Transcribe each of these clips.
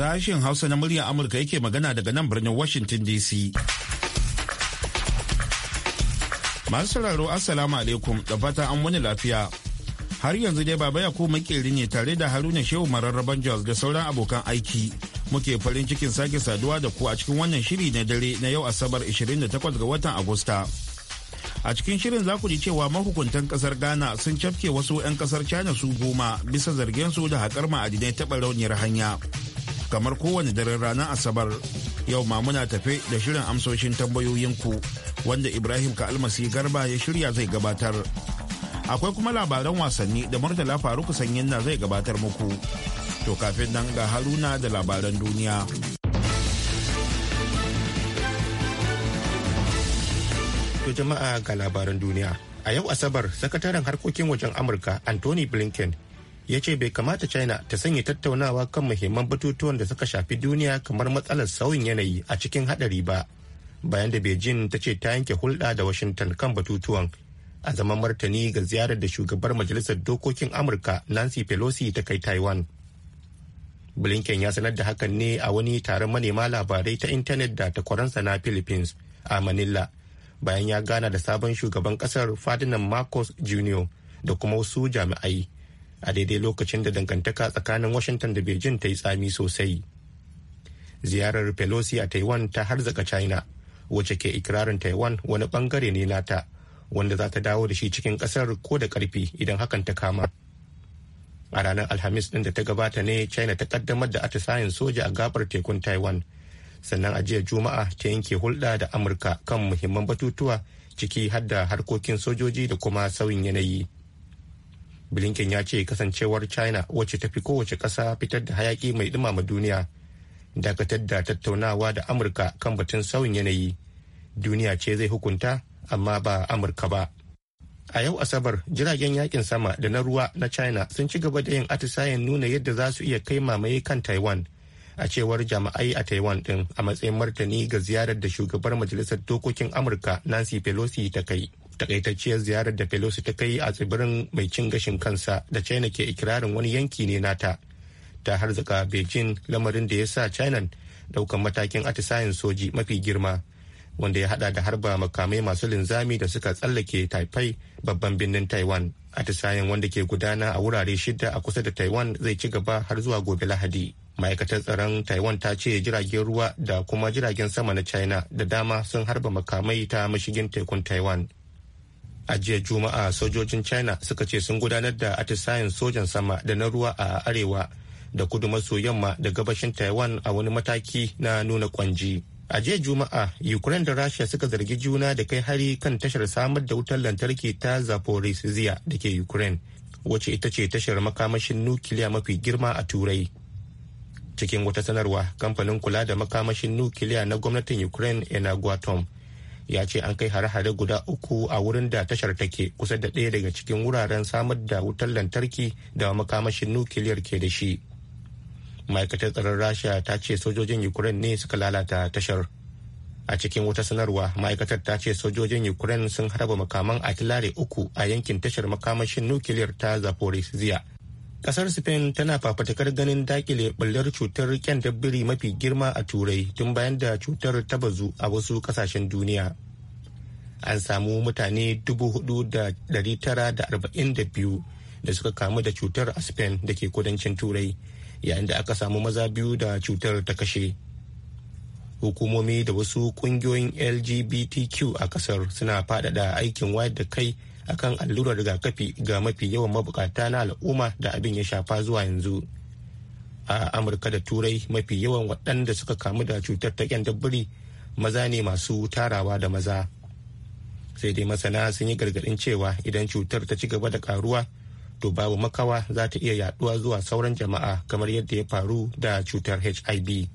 Sashen Hausa na muryar Amurka yake magana daga nan birnin Washington DC. Masu sauraro Assalamu alaikum da fata an wani lafiya. Har yanzu dai Baba Yakubu makeri ne tare da Haruna Shehu Mararraban Jos da sauran abokan aiki. muke farin cikin sake saduwa da ku a cikin wannan shiri na dare na yau asabar 28 ga watan agusta a cikin shirin za ku ji cewa mahukuntan kasar ghana sun cafke wasu 'yan kasar china su goma bisa zargin su da haƙar ma'adinai taɓa rauniyar hanya kamar kowane daren ranar asabar yau ma muna tafe da shirin amsoshin tambayoyinku wanda ibrahim ka almasi garba ya shirya zai gabatar akwai kuma labaran wasanni da murtala faruku sanyin na zai gabatar muku to kafin nan ga haruna da labaran duniya to jama'a ga labaran duniya a yau asabar sakataren harkokin wajen amurka anthony blinken ya ce bai kamata china ta sanya tattaunawa kan muhimman batutuwan da suka shafi duniya kamar matsalar sauyin yanayi a cikin hadari ba bayan da beijing ta ce ta yanke hulɗa da washington kan batutuwan a zaman martani ga ziyarar da shugabar majalisar dokokin amurka nancy pelosi ta kai taiwan blinken ya sanar da hakan ne a wani taron manema labarai ta intanet da takwaransa na philippines a manila bayan ya gana da sabon shugaban kasar fadinan marcos jr da kuma wasu jami'ai a daidai lokacin da dangantaka tsakanin washington da beijing ta yi tsami sosai ziyarar pelosi a taiwan ta harzaka china wacce ke ikirarin taiwan wani bangare ne nata wanda za ta dawo da shi cikin kasar ko da karfi idan hakan ta kama a ranar alhamis din da ta gabata ne china ta kaddamar da atisayen soja a gabar tekun taiwan sannan a jiya juma'a ta yanke hulɗa da amurka kan muhimman batutuwa ciki har da harkokin sojoji da kuma sauyin yanayi blinken ya ce kasancewar china wacce ta fi kowace ƙasa fitar da hayaki mai dumama duniya dakatar da tattaunawa da amurka kan batun sauyin yanayi duniya ce zai hukunta amma ba amurka ba a yau asabar jiragen yakin sama da na ruwa na china sun ci gaba da yin atisayen nuna yadda za su iya kai mamaye kan taiwan a cewar jama'ai a taiwan din a matsayin martani ga ziyarar da shugabar majalisar dokokin amurka nancy pelosi ta kai takaitacciyar ziyarar da pelosi ta kai a tsibirin mai cin gashin kansa da china ke ikirarin wani yanki ne nata ta harzuka beijing lamarin da ya sa china daukan matakin atisayen soji mafi girma wanda ya hada da harba makamai masu linzami da suka tsallake taifai babban birnin taiwan atisayen wanda ke gudana a wurare shida a kusa da taiwan zai ci gaba har zuwa gobe lahadi ma'aikatar tsaron taiwan ta ce jiragen ruwa da kuma jiragen sama na china da dama sun harba makamai ta mashigin tekun taiwan a jiya juma'a sojojin china suka ce sun gudanar da atisayen sojan sama da na ruwa a arewa da kudu maso yamma da gabashin taiwan a wani mataki na nuna kwanji a jiya juma'a ukraine da rasha suka zargi juna da kai hari kan tashar samar da wutar lantarki ta zaporizhia da ke ukraine wacce ita ce tashar makamashin nukiliya mafi girma a turai cikin wata sanarwa kamfanin kula da makamashin nukiliya na gwamnatin ukraine enagwatom ya ce an kai hare-hare guda uku a wurin da tashar take kusa da ɗaya daga cikin wuraren samar da wutar lantarki da makamashin nukiliyar ke da shi ma'aikatar tsaron rasha ta ce sojojin ukraine ne suka lalata tashar a cikin wata sanarwa ma'aikatar ta ce sojojin ukraine sun harba makaman artillery uku a yankin tashar makamashin nukiliyar ta zaporizhia kasar spain tana fafatakar ganin dakile bullar cutar biri mafi girma a turai tun bayan da cutar ta bazu a wasu kasashen duniya an samu mutane 4,942 da suka kamu da cutar a spain da ke kudancin turai yayin da aka samu maza biyu da cutar ta kashe hukumomi da wasu kungiyoyin lgbtq a kasar suna faɗaɗa aikin wayar da kai akan allurar rigakafi ga mafi yawan mabukata na al'umma da abin ya shafa zuwa yanzu a amurka da turai mafi yawan waɗanda suka kamu da cutar ta dabbiri maza ne masu tarawa da maza sai dai masana sun yi gargaɗin cewa idan cutar ta ci gaba da karuwa to babu makawa za ta iya yaduwa zuwa sauran jama'a kamar yadda ya faru da cutar hiv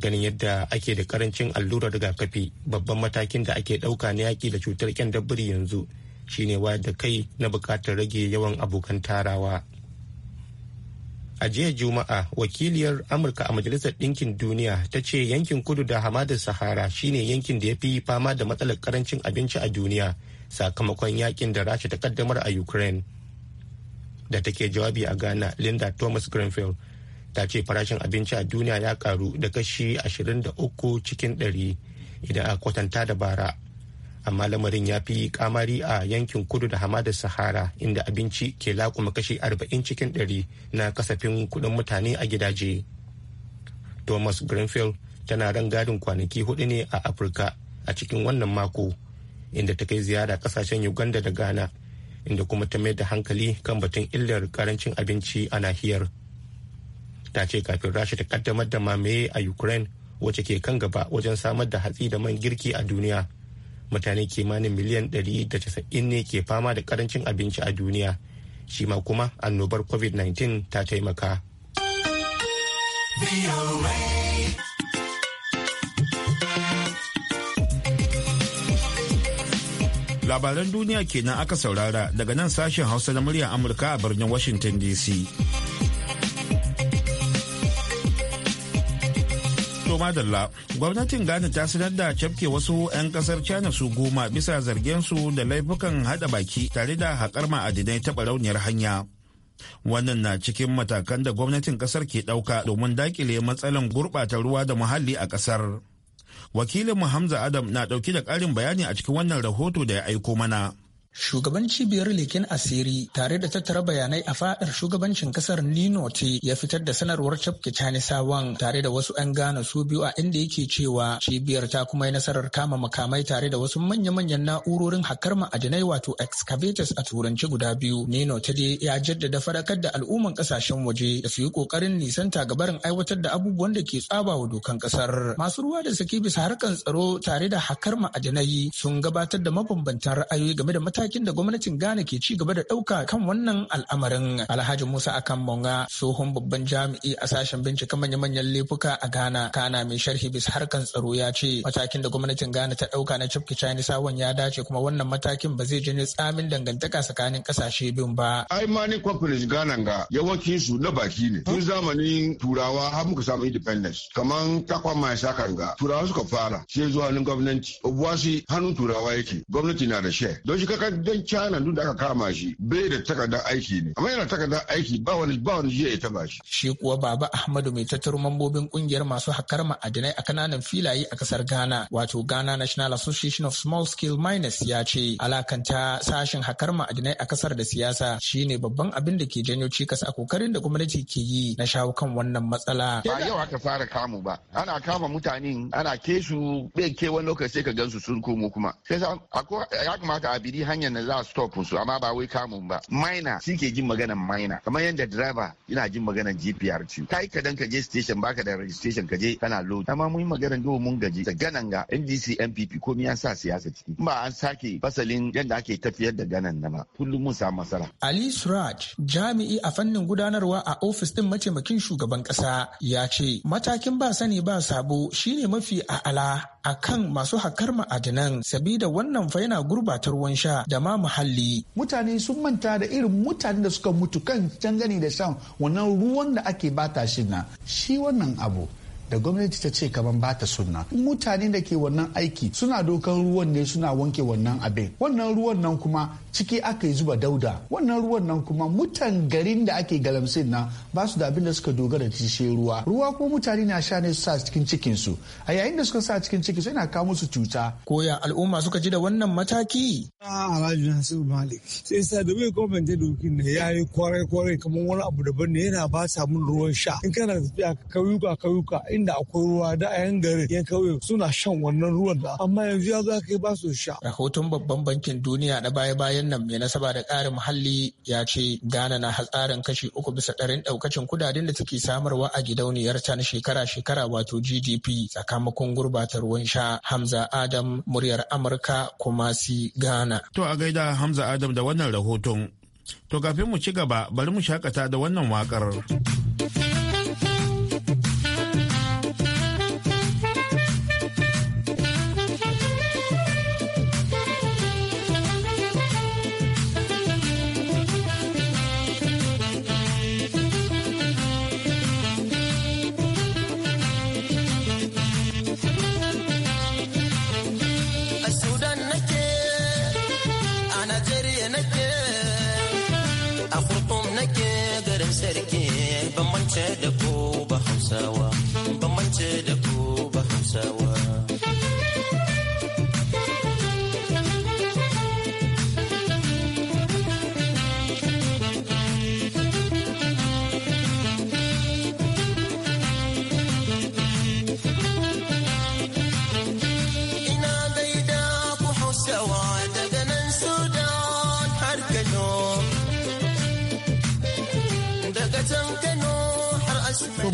ganin yadda ake da karancin allurar rigakafi babban matakin da ake ɗauka na yaƙi da cutar dabbiri yanzu shine wayar da kai na bukatar rage yawan abokan tarawa a jiya juma'a wakiliyar amurka a majalisar ɗinkin duniya ta ce yankin kudu da hamadar sahara shine yankin da ya fi fama da matsalar karancin abinci a duniya sakamakon yakin da rasha ta kaddamar a ukraine da take jawabi a ghana linda thomas greenfield ta ce farashin abinci a duniya ya karu da kashi 23 cikin 100 idan a kwatanta da bara amma lamarin ya fi kamari a yankin kudu da hamadar sahara inda abinci ke lakuma kashi 40 cikin 100 na kasafin kudin mutane a gidaje thomas greenfield tana ran gadin kwanaki hudu ne a afirka a cikin wannan mako inda ta kai ziyara kasashen uganda da ghana inda kuma ta mai da hankali kan batun illar karancin abinci a nahiyar ta ce kafin rasha ta kaddamar da mamaye a ukraine wacce ke kan gaba wajen samar da hatsi da man girki a duniya mutane kimanin miliyan 190 ne ke fama da karancin abinci a duniya shi ma kuma annobar covid-19 ta taimaka labaran duniya kenan aka saurara daga nan sashen hausa na muryar amurka a birnin washington dc To Dalla, gwamnatin Ghana ta sanar da cafke wasu 'yan kasar China su goma bisa zargensu da laifukan hada baki tare da haƙar ma'adinai ta barauniyar hanya. Wannan na cikin matakan da gwamnatin kasar ke ɗauka domin dakile matsalan gurɓata ruwa da muhalli a ƙasar. Wakilin Hamza Adam na ɗauki da ƙarin bayani a cikin wannan rahoto da ya aiko mana. Shugaban cibiyar leken asiri tare da tattara bayanai a fadar shugabancin kasar Ninote ya fitar da sanarwar cafke sawan tare da wasu 'yan gano su biyu a inda yake cewa cibiyar ta kuma yi nasarar kama makamai tare da wasu manya-manyan na'urorin hakar ma'adinai wato excavators a turanci guda biyu. Ninote dai ya jaddada fadakar da al'umman kasashen waje da su yi kokarin nisanta gabarin aiwatar da abubuwan da ke tsabawa dokan kasar. Masu ruwa da saki bisa harkar tsaro tare da hakar ma'adinai sun gabatar da mabambantan ra'ayoyi game da mata matakin da gwamnatin Ghana ke ci gaba da ɗauka kan wannan al'amarin. Alhaji Musa akan Monga tsohon babban jami'i a sashen binciken manya-manyan laifuka a Ghana kana mai sharhi bisa harkan tsaro ya ce matakin da gwamnatin Ghana ta ɗauka na cifke Chinese ya dace kuma wannan matakin ba zai janyo tsamin dangantaka tsakanin ƙasashe biyun ba. Ai mani companies Ghana ga yawancin su na baki ne. Tun zamanin Turawa har muka samu independence. Kaman takwa mai sakan ga Turawa suka fara sai zuwa hannun gwamnati. Obuasi hannun Turawa yake. Gwamnati na da share. Don shi kaka kaga dan China duk da aka kama shi bai da takardar aiki ne amma yana takardar aiki ba wani ba wani jiya ita ba shi shi kuwa baba Ahmadu mai tattaro mambobin kungiyar masu hakar ma'adinai a kananan filaye a kasar Ghana wato Ghana National Association of Small Scale Miners ya ce alakanta sashen hakar ma'adinai a kasar da siyasa shine babban abin da ke janyo cikas a kokarin da gwamnati ke yi na shawo kan wannan matsala ba yau aka fara kamu ba ana kama mutanen ana kesu bai ke wani lokaci ka gansu sun komo kuma sai ya kamata a bidi hanya hanyar da za a stop su amma ba wai kamun ba maina shi ke jin maganar maina kamar yadda driver yana jin maganan gprc Ta yi kadan ka je station baka da registration ka je kana load amma mun yi maganan do mun gaji da ganan ga ndc npp ko ya sa siyasa ciki ba an sake fasalin yadda ake tafiyar da ganan na ma kullum mun samu masala ali suraj jami'i a fannin gudanarwa a ofis din mataimakin shugaban kasa ya ce matakin ba sani ba sabo shine mafi a'ala kan masu hakar ma'adanan sabida wannan fa yana gurbatar ruwan sha da ma muhalli. Mutane sun manta da irin mutane da suka mutu kan can gani da shan wannan ruwan da ake bata shi na. Shi wannan abu da gwamnati ta ce kaman ba ta sunna mutane da ke wannan aiki suna dokan ruwan ne suna wanke wannan abin wannan ruwan nan kuma ciki aka yi zuba dauda wannan ruwan nan kuma mutan garin da ake galamsin na ba su da abin da suka dogara da shi ruwa ruwa ko mutane na sha ne su sa cikin cikin su a yayin da suka sa cikin cikin su yana kawo musu cuta koya al'umma suka ji da wannan mataki a ah, alhaji nasiru malik sai sa da bai ta dokin ne ya yi kwarai kwarai kamar wani abu daban ne yana ba sa mun ruwan sha in kana tafiya kauyuka kauyuka inda akwai ruwa da a yan garin yan kauye suna shan wannan ruwan da amma yanzu ya zo aka yi ba su sha rahoton babban bankin duniya na baya baya bayan nan mai nasaba da ƙarin muhalli ya ce Ghana na hatsarin kashi uku bisa ɗarin ɗaukacin kudaden da take samarwa a gidauniyar ta na shekara-shekara wato GDP sakamakon gurbata ruwan sha Hamza Adam muryar Amurka kuma si Ghana. To a gaida Hamza Adam da wannan rahoton. To kafin mu ci gaba bari mu shakata da wannan waƙar.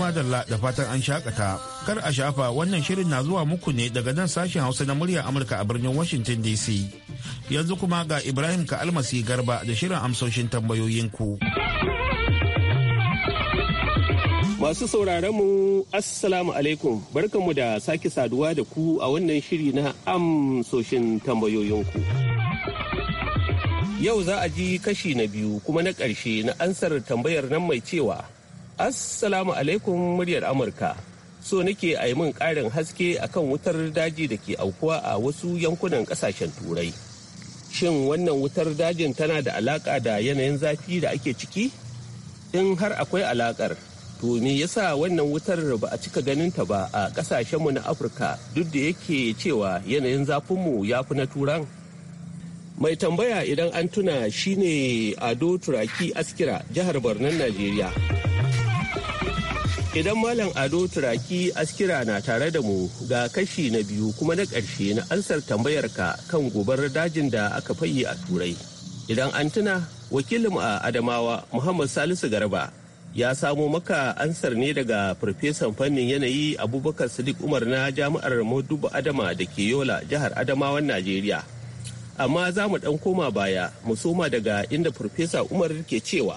madalla da fatan an shakata kar a shafa wannan shirin na zuwa muku ne daga nan sashen hausa na murya amurka a birnin washington dc yanzu kuma ga ibrahim ka almasi garba da shirin amsoshin tambayoyinku masu sauraron mu assalamu alaikum barkanmu da sake saduwa da ku a wannan shiri na amsoshin tambayoyinku yau za a ji kashi na biyu kuma na ƙarshe na ansar tambayar nan mai cewa Assalamu alaikum muryar Amurka. So nake a yi min ƙarin haske akan wutar daji da ke aukuwa a wasu yankunan ƙasashen turai. Shin wannan wutar dajin tana da alaƙa da yanayin zafi da ake ciki? In har akwai alaƙar, to me yasa wannan wutar ba a cika ganinta ba a ƙasashenmu na Afirka duk da yake cewa yanayin zafinmu ya fi na turan? Mai tambaya idan an tuna shine Ado Turaki Askira, jihar Borno, Najeriya. Idan Malam Ado Turaki Askira na tare da mu ga kashi na biyu kuma na ƙarshe na ansar tambayarka kan gobar dajin da aka fayi a Turai. Idan an tuna, wakilin a Adamawa Muhammad Salisu Garba ya samo maka ansar ne daga farfesan fannin yanayi Abubakar Sadiq Umar na Jami'ar Modubu Adama da ke Yola, jihar Adamawan Najeriya. Amma za mu ɗan koma baya, mu soma daga inda farfesa Umar ke cewa.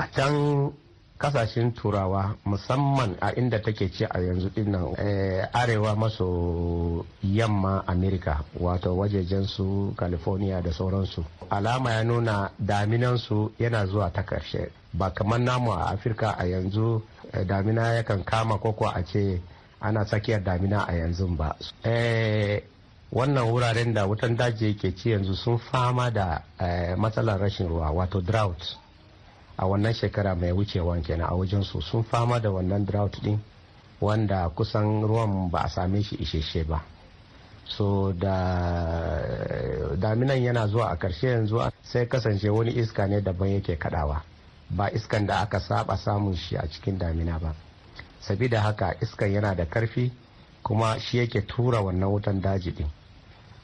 A can kasashen turawa musamman a inda take ci a yanzu dinnan eh, arewa maso yamma america wato wajejen su california da sauransu alama ya nuna su yana zuwa ta karshe ba kamar namu a afirka a yanzu eh, damina yakan kama koko a ce ana tsakiyar damina a yanzu ba eh, wannan wuraren da wutan daji ke ci yanzu sun fama da matsalar rashin ruwa wato drought a wannan shekara mai wucewa kenan a wajen su sun fama da wannan drought din wanda kusan ruwan ba a same shi isheshe ba so da daminan yana zuwa a karshe yanzu sai kasance wani iska ne daban yake kadawa ba iskan da aka saba samun shi a cikin damina ba sabida haka iskan yana da karfi kuma shi yake tura wannan wutan daji din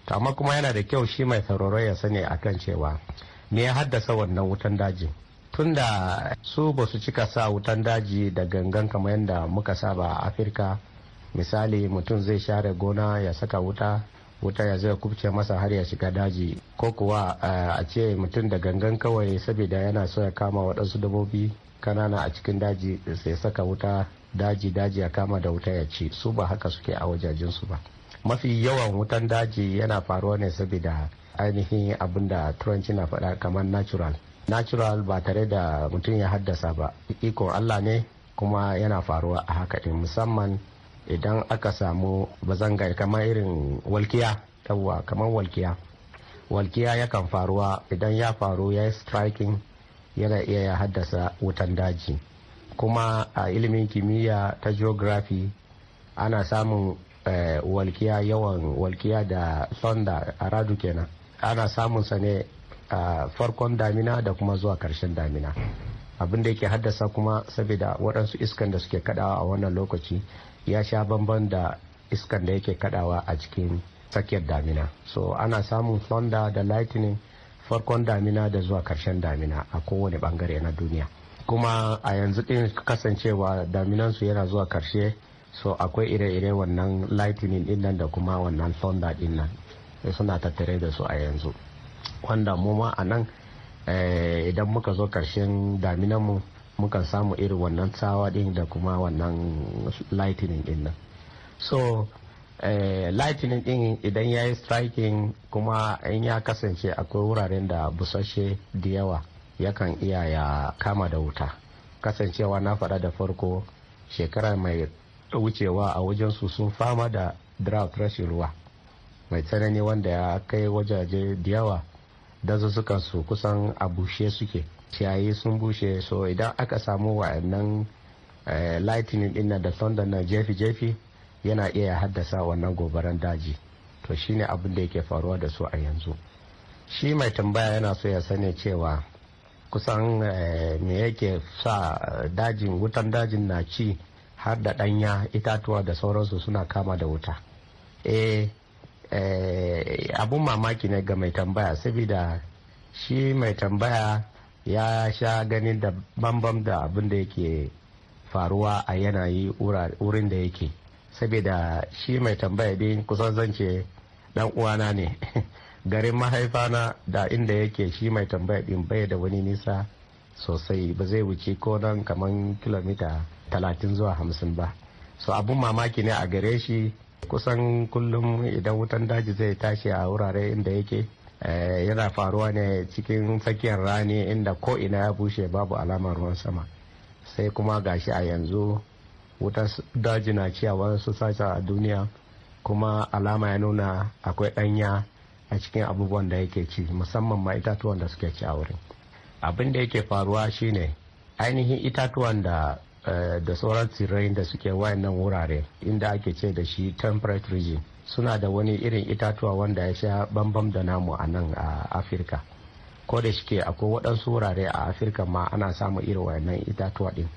amma kuma yana da kyau shi mai sauraro ya sani akan cewa me ya haddasa wannan wutan daji. tunda su ba su cika sa wutan daji da gangan kamar yadda muka saba a afirka misali mutum zai share gona ya saka wuta wuta ya zai kubce masa har ya shiga daji ko kuwa eh, a ce mutum da gangan kawai saboda yana so ya kama waɗansu dabobi kanana a cikin daji sai saka wuta daji daji ya kama da wuta ya ci su ba haka suke a wajajensu ba mafi yawan wutan daji yana faruwa ne saboda ainihin abin da turanci na faɗa kamar natural natural ba tare da mutum ya haddasa ba ikon allah ne kuma yana faruwa a haka din musamman idan aka samu bazanga kamar irin walkiya yawwa kamar walkiya walkiya yakan faruwa idan ya faru ya yi striking yana iya ya haddasa wutan daji kuma a ilimin kimiyya ta geography ana samun eh, walkiya yawan walkiya da sonda a radu kenan ana samun sa ne a farkon damina da kuma zuwa karshen damina abin da yake haddasa kuma saboda waɗansu iskan da suke kadawa a wannan lokaci ya sha bamban da iskan da yake kadawa a cikin tsakiyar damina so ana samun thunder da lightning farkon damina da zuwa karshen damina a kowane bangare na duniya kuma a yanzu din kasancewa daminansu yana zuwa karshe so akwai ire-ire wannan lightning din da kuma wannan thunder dinnan nan suna tattare da su a yanzu wanda mu ma a nan eh, idan muka zo karshen daminan mu mukan samu irin wannan tsawa din da kuma wannan lightning din nan so eh, lightning din idan ya yi striking kuma in ya kasance akwai wuraren da busashe da yawa yakan iya ya kama da wuta kasancewa na faɗa da farko shekara mai wucewa a wajensu sun fama da drought rashin ruwa mai tsanani wanda ya kai wajaje da yawa dazuzzukan su kusan a bushe suke ciyayi sun bushe so idan aka samu wa'annan eh, lightning din da thunder na jefi-jefi yana iya haddasa wannan gobaran daji to shine abin da yake faruwa da su a yanzu shi mai tambaya yana so ya sani cewa kusan eh, me yake sa dajin wutan dajin na ci har da danya itatuwa da sauransu suna kama da wuta eh Eh, abun mamaki ne ga mai tambaya saboda shi mai tambaya ya sha ganin da bambam da abin da yake faruwa a yanayi wurin da yake saboda shi mai tambaya din kusan zance dan uwana ne garin mahaifana da inda yake shi mai tambaya din bai da wani nisa sosai ba zai wuce ko nan kamar kilomita talatin zuwa hamsin ba so abun mamaki ne a gare shi kusan kullum idan wutan daji zai tashi a wurare inda yake eh, yana faruwa ne cikin tsakiyar rani inda ko ina ya bushe babu alamar ruwan sama sai kuma gashi a yanzu wutan daji na ciyawa su sasa a duniya kuma alama ya nuna akwai ɗanya a cikin abubuwan da yake ci musamman ma itatuwan da suke ci a wurin abin da yake faruwa shine ainihin itatuwan da Eh, da sauran tsirrai da suke wayannan wurare inda ake ce da shi temperate region suna da wani irin itatuwa wanda ya sha bambam da namu a nan a afirka ko da shike akwai waɗansu wurare a afirka ma ana samun irin wayannan itatuwa din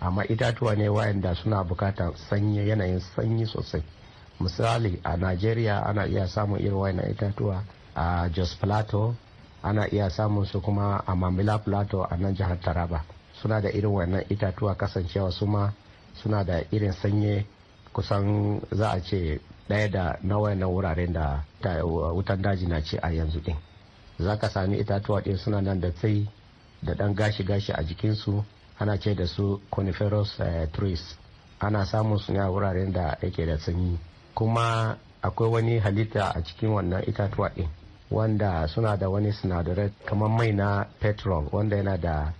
amma itatuwa ne wayanda suna bukatar sanyi yanayin sanyi sosai misali a nigeria ana iya samun irin wayannan itatuwa a jos plateau ana iya samun su kuma a mamila plateau a nan jihar taraba suna da irin wannan itatuwa kasancewa su ma suna da irin sanye kusan za a ce ɗaya da na wayannan wuraren da wutan daji na ce a yanzu din za ka sami itatuwa ɗin suna nan da tsayi da ɗan gashi-gashi a jikinsu ana ce da su coniferous eh, trees ana samun su ne a wuraren da yake da sanyi kuma akwai wani halitta a cikin wannan itatuwa ɗin wanda suna da wani sinadarai kamar mai na petrol wanda yana da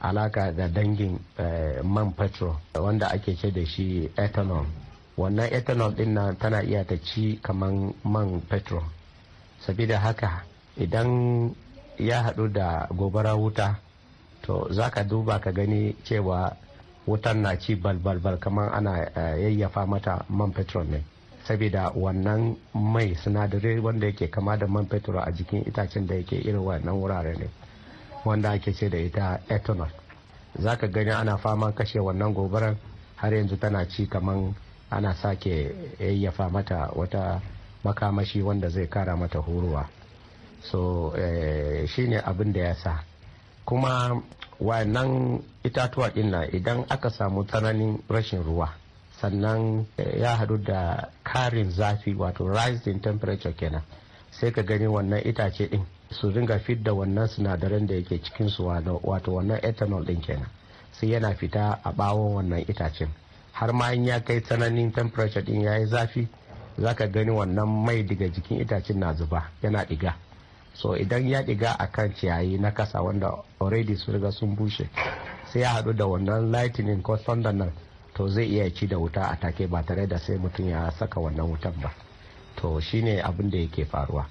alaka da dangin eh, man petrol wanda ake ce da shi ethanol wannan ethanol din nan tana iya ta ci kaman man petrol sabida haka idan ya haɗu da gobara wuta to za ka duba ka gani cewa wutan na ci balbalbal kamar ana eh, yayyafa mata man petrol ne saboda wannan mai sinadarai wanda yake kama da man fetur a jikin itacen da yake irin wannan wurare ne wanda ake ce da ita ethanol za ka gani ana fama kashe wannan gobarar har yanzu tana ci kaman ana sake yayyafa mata wata makamashi wanda zai kara mata huruwa so eh, shine abin da ya sa kuma wannan itatuwa dinna idan aka samu tsananin rashin ruwa sannan eh, ya hadu da karin zafi wato rising temperature kenan sai ka gani wannan itace din su ringa fidda wannan sinadaran da yake cikin su wato wannan ethanol din kenan sai yana fita a bawon wannan itacen har ma in ya kai tsananin temperature din ya yi zafi za ka gani wannan mai daga jikin itacen na zuba yana diga so idan ya diga a kan ciyayi na kasa wanda already su riga sun bushe sai ya hadu da wannan lightning ko thunder nan to zai iya ci da wuta a take ba tare da sai mutum ya saka wannan wutan ba to shine abin da yake faruwa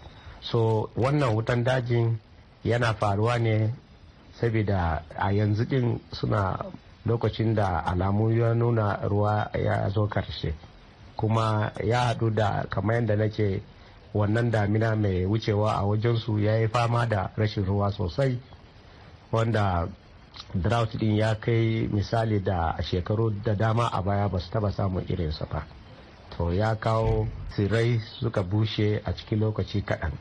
so wannan wutan dajin yana faruwa ne saboda a yanzu din suna lokacin da alamu ya nuna ruwa ya zo karshe kuma ya haɗu da kamar yadda nake wannan damina mai wucewa a wajensu ya yi fama da rashin ruwa sosai wanda drought din ya kai misali da shekaru da dama a baya ba su taba samun irinsa ba to ya kawo tsirrai suka bushe a cikin lokaci kaɗan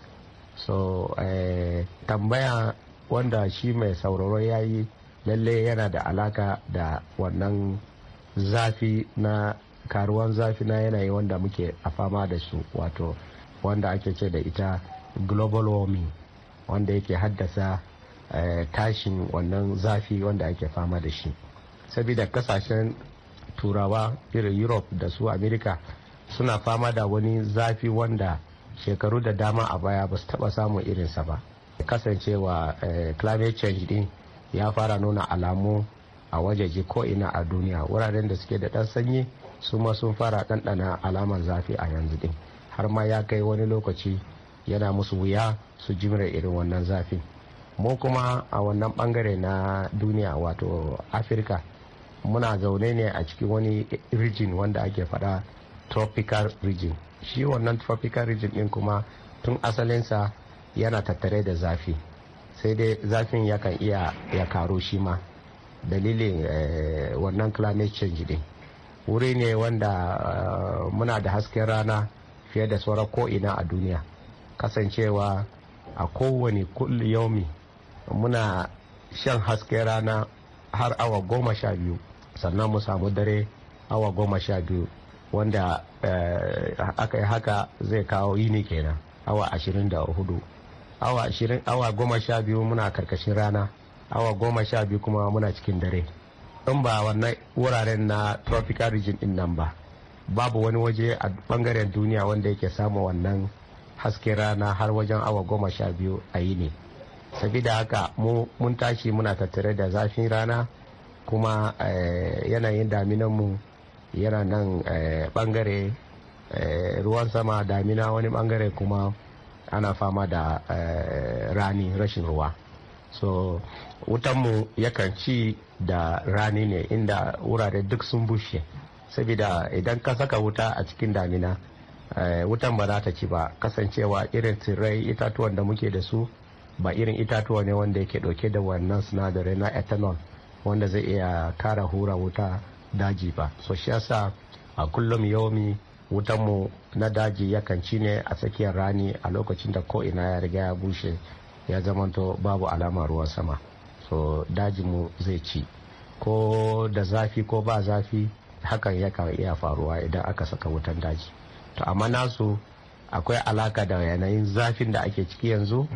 so eh, tambaya wanda shi mai sauraro ya yi lalle yana da alaka da wannan zafi na karuwan zafi na yanayi wanda muke a fama da su wato wanda ake ce da ita global warming wanda yake haddasa eh, tashin wannan zafi wanda ake fama da shi saboda kasashen turawa irin europe da su america suna fama da wani zafi wanda shekaru da dama a baya ba su taba samun irinsa ba kasancewa eh, climate change din ya fara nuna alamu a wajeji ko'ina a duniya wuraren da suke da ɗan sanyi su ma sun fara ɗanɗana alamar zafi a yanzu din har ma ya kai wani lokaci yana musu wuya su jimre irin wannan zafi mu kuma a wannan bangare na duniya wato afirka muna zaune ne a cikin wani region wanda ake faɗa tropical region shi wannan tropical region din kuma tun asalinsa yana tattare da zafi sai dai zafin yakan iya ya karo shi ma dalilin eh, wannan climate change din wuri ne wanda eh, muna da hasken rana fiye da sauran ko'ina a duniya kasancewa a kowane kulli yaumi muna shan hasken rana har awa goma sha biyu sannan mu samu dare awa goma sha biyu wanda eh, aka yi haka zai kawo yini kenan awa ashirin da hudu awa ashirin awa goma sha biyu muna karkashin rana awa goma sha biyu kuma muna cikin dare in ba wannan wuraren na tropical region din nan ba babu wani waje a bangaren duniya wanda yake samu wannan hasken rana har wajen awa goma sha biyu a yi ne sabida haka mun tashi muna tattare da zafin rana kuma eh, yanayin daminanmu mu yana nan bangare eh, eh, ruwan sama damina wani bangare kuma ana fama da eh, rani rashin ruwa so wutanmu yakan ci da rani ne inda wurare duk sun bushe saboda idan ka saka wuta a cikin damina wutan ba za ta ci ba kasancewa irin tsirrai itatuwan da muke da su ba irin itatuwa ne wanda yake dauke da wannan sinadarai na ethanol wanda zai iya kara hura wuta daji ba so shi yasa a kullum yaumi mu na daji yakan ci ne a tsakiyar rani a lokacin da ko ina ya riga ya bushe ya zamanto babu alama ruwan sama so daji mu zai ci ko da zafi ko ba zafi hakan yakan iya faruwa idan aka saka wutan daji to amma nasu akwai alaka da yanayin zafin da ake ciki yanzu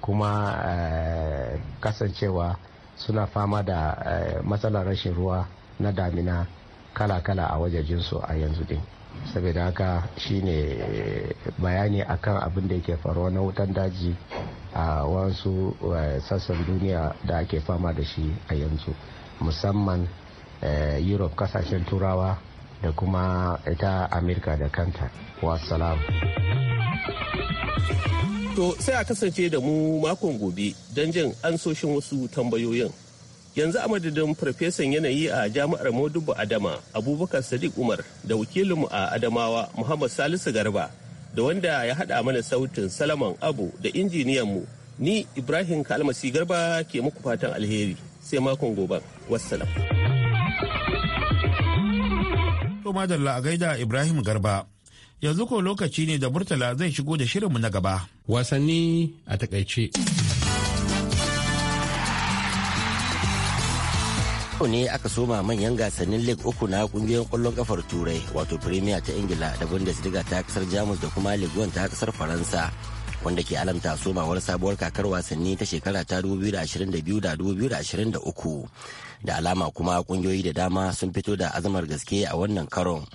kuma eh, kasancewa suna fama da eh, matsalar rashin ruwa na damina kala-kala a su a yanzu din saboda haka shine bayani akan abin da yake faruwa na wutan daji a wasu eh, sassan duniya da ake fama da shi a yanzu musamman eh, europe kasashen turawa da kuma ita amerika da kanta wasalam to sai a kasance da mu makon gobe don jin ansoshin wasu tambayoyin yanzu a madadin farfesan yanayi a jami'ar modubu adama abubakar sadiq umar da wakilinmu a adamawa muhammad salisu garba da wanda ya haɗa mana sautin salaman abu da mu ni ibrahim kalmasi garba ke muku fatan alheri sai makon gobe wassalam to madalla a gaida ibrahim garba yanzu ko lokaci ne da murtala zai shigo da shirinmu na gaba wasanni a takaice yau ne aka soma manyan gasannin league uku na kungiyoyin kwallon kafar turai wato premier ta ingila da bundesliga ta kasar jamus da kuma league one ta kasar faransa wanda ke alamta somawar sabuwar kakar wasanni ta shekara ta 2022 da 2023 da alama kuma kungiyoyi da dama sun fito da azamar gaske a wannan karon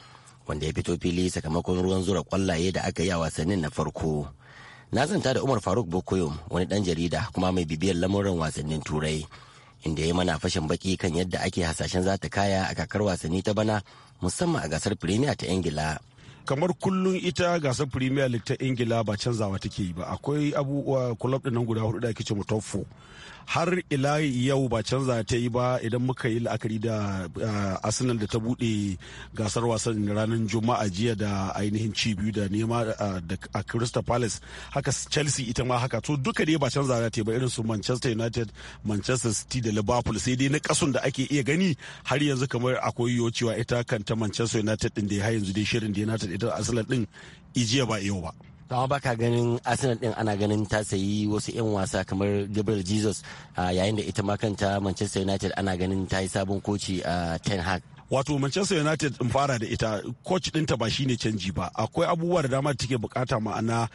wanda ya fito fili sakamakon ruwan zura kwallaye da aka yi a wasannin na farko na zanta da umar faruk bokoyom wani dan jarida kuma mai bibiyar lamurin wasannin turai inda ya mana fashin baki kan yadda ake hasashen zata kaya a kakar wasanni ta bana musamman a gasar Premier ta Ingila. kamar kullun ita gasar premier league ta ingila ba canzawa take yi ba akwai abubuwa kulob din nan guda hudu da ake ce top four har ila yau ba canza ta yi ba idan muka yi la'akari da eh, arsenal da ta bude gasar wasan ranar juma'a jiya da ainihin ci biyu da nema eh, a crystal palace haka chelsea ita ma haka to duka dai ba canza ta yi ba irin su manchester united manchester city da liverpool sai dai na kasun da ake iya gani har yanzu kamar akwai yiwuwa cewa ita kanta manchester united din da ya yanzu dai shirin da united ita Arsenal din ijiya ba yau ba. amma baka ganin arsenal din ana ganin ta sayi wasu 'yan wasa kamar gabriel jesus yayin da ita ma kanta manchester united ana ganin ta yi sabon koci a ten hag wato manchester united in fara da ita coach dinta ba shine canji ba akwai abubuwa da dama da take bukata ma'ana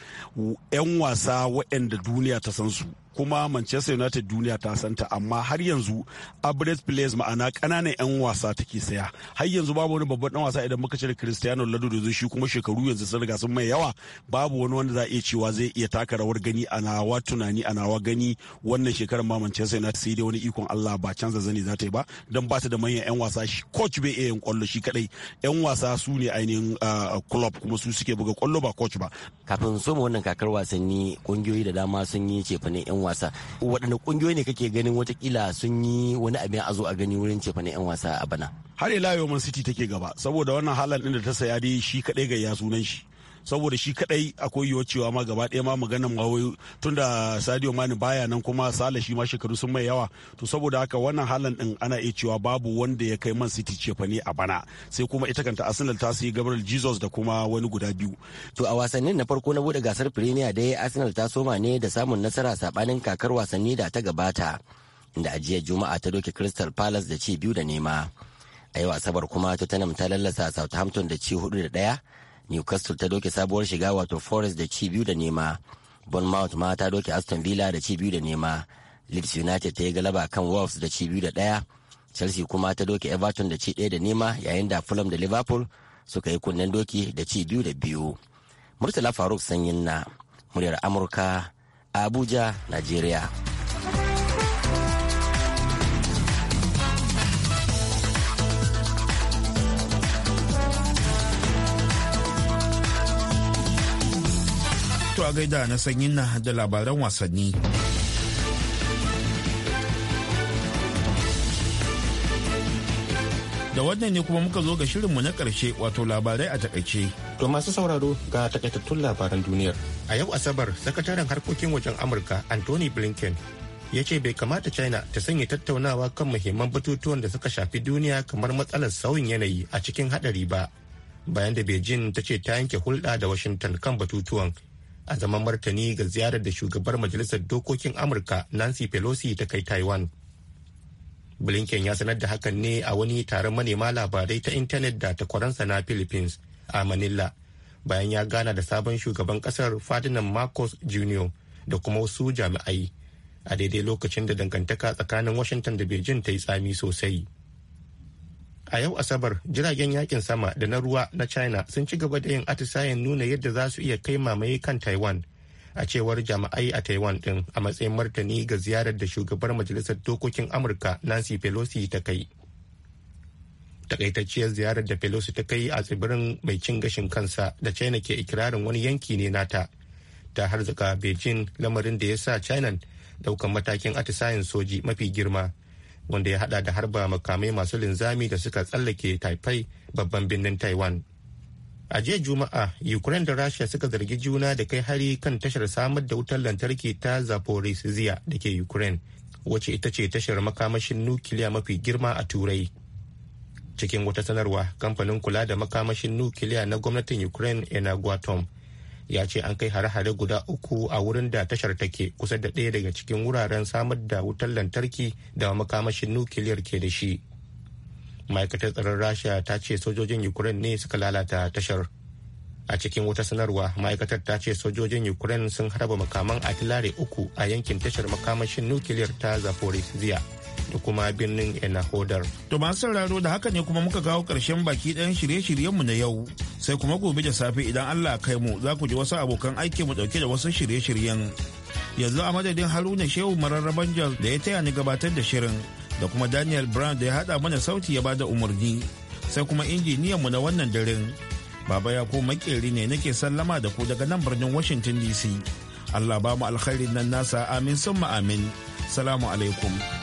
'yan wasa waɗanda duniya ta san su kuma manchester united duniya ta santa amma har yanzu average players ma'ana kananan 'yan wasa take saya har yanzu babu wani babban dan wasa idan muka cire cristiano ronaldo da zai shi kuma shekaru yanzu sun riga sun mai yawa babu wani wanda za a iya cewa zai iya taka rawar gani a nawa tunani a nawa gani wannan shekarar ma manchester united sai dai wani ikon allah ba canza zani za ta yi ba don ba ta da manyan 'yan wasa shi coach bai iya yin kwallo shi kadai 'yan wasa su ne ainihin ah, club kuma su suke buga kwallo ba coach ba kafin mu wannan kakar wasanni kungiyoyi da dama sun yi cefanen 'yan 'yan wasa waɗanda ƙungiyoyi ne kake ganin watakila sun yi wani abin a zo a gani wurin cefa na 'yan wasa a bana har ila yau man city take gaba saboda wannan halal ɗin da ta saya dai shi kaɗai ga ya sunan shi saboda shi kadai akwai yiwuwar cewa ma gaba ɗaya ma magana ma wai tunda Sadio mani baya nan kuma sala shi ma shekaru sun mai yawa to saboda haka wannan halan din ana iya cewa babu wanda ya kai Man City cefane a bana sai kuma ita kanta Arsenal ta sayi Gabriel Jesus da kuma wani guda biyu to a wasannin na farko na bude gasar Premier dai Arsenal ta soma ne da samun nasara sabanin kakar wasanni da ta gabata da ajiyar Juma'a ta doke Crystal Palace da ci biyu da nema a yau Asabar kuma Tottenham ta lallasa Southampton da ci hudu da daya newcastle ta doke sabuwar shiga wato forest da ci biyu da nema bournemouth ma ta doke aston villa da ci biyu da nema leeds united ta yi galaba kan wolves da ci biyu da ɗaya chelsea kuma ta doke everton da ci ɗaya da nema yayin da fulham da liverpool suka yi kunnen doki da ci biyu da biyu murtala faruk sanyin na muryar amurka abuja nigeria To a gaida na sanyin na da labaran wasanni. da wannan ne kuma muka zo ga shirinmu na ƙarshe wato labarai a takaice. To masu sauraro ga takaitattun labaran duniyar. A yau Asabar, sakataren harkokin wajen Amurka Anthony Blinken ya ce bai kamata China ta sanya tattaunawa kan muhimman batutuwan da suka shafi duniya kamar matsalar sauyin yanayi a cikin haɗari ba. Bayan da Beijing ta ce ta yanke hulɗa da Washington kan batutuwan a zaman martani ga ziyarar da shugabar majalisar dokokin amurka nancy pelosi ta kai taiwan blinken ya sanar da hakan ne a wani taron manema labarai ta intanet da takwaransa na philippines a manila bayan ya gana da sabon shugaban kasar fadinan marcos jr da kuma wasu jami'ai a daidai lokacin da dangantaka tsakanin washington da beijing ta yi tsami sosai a yau asabar jiragen yakin sama da na ruwa na china sun ci gaba da yin atisayen nuna yadda za su iya kai mamaye kan taiwan a cewar jama'ai a taiwan din a matsayin martani ga ziyarar da shugabar majalisar dokokin amurka nancy pelosi ta kai takaitacciyar ziyarar da pelosi ta kai a tsibirin mai cin gashin kansa da china ke ikirarin wani yanki ne nata ta harzuka beijing lamarin da ya sa china daukan matakin atisayen soji mafi girma wanda ya hada da harba makamai masu linzami da suka tsallake taifai babban birnin taiwan a jiya juma'a ukraine da rasha suka zargi juna da kai hari kan tashar samar da wutar lantarki ta zaporizhia da ke ukraine wacce ita ce tashar makamashin nukiliya mafi girma a turai cikin wata sanarwa kamfanin kula da makamashin nukiliya na gwamnatin ukraine enagwatom ya ce an kai hare-hare guda uku a wurin da tashar take kusa da ɗaya daga cikin wuraren samar da wutar lantarki da makamashin nukiliyar ke da shi ma'aikatar tsaron rasha ta ce sojojin ukraine ne suka lalata tashar a cikin wata sanarwa ma'aikatar ta ce sojojin ukraine sun harba makaman atilare uku a yankin tashar makamashin nukiliyar ta zaporizhia da kuma birnin enahodar to masu sauraro da haka ne kuma muka kawo karshen baki ɗayan shirye-shiryenmu na yau sai kuma gobe da safe idan Allah kai mu za ku ji wasu abokan aiki mu dauke da wasu shirye-shiryen. Yanzu a madadin Haruna Shehu mararraban jal da ya taya ni gabatar da shirin da kuma Daniel Brown da ya hada mana sauti ya bada umarni sai kuma injiniyan mu na wannan daren. Baba ya ko makeri ne nake sallama da ku daga nan birnin Washington DC. Allah ba mu alkhairin nan nasa amin summa amin. Salamu alaikum.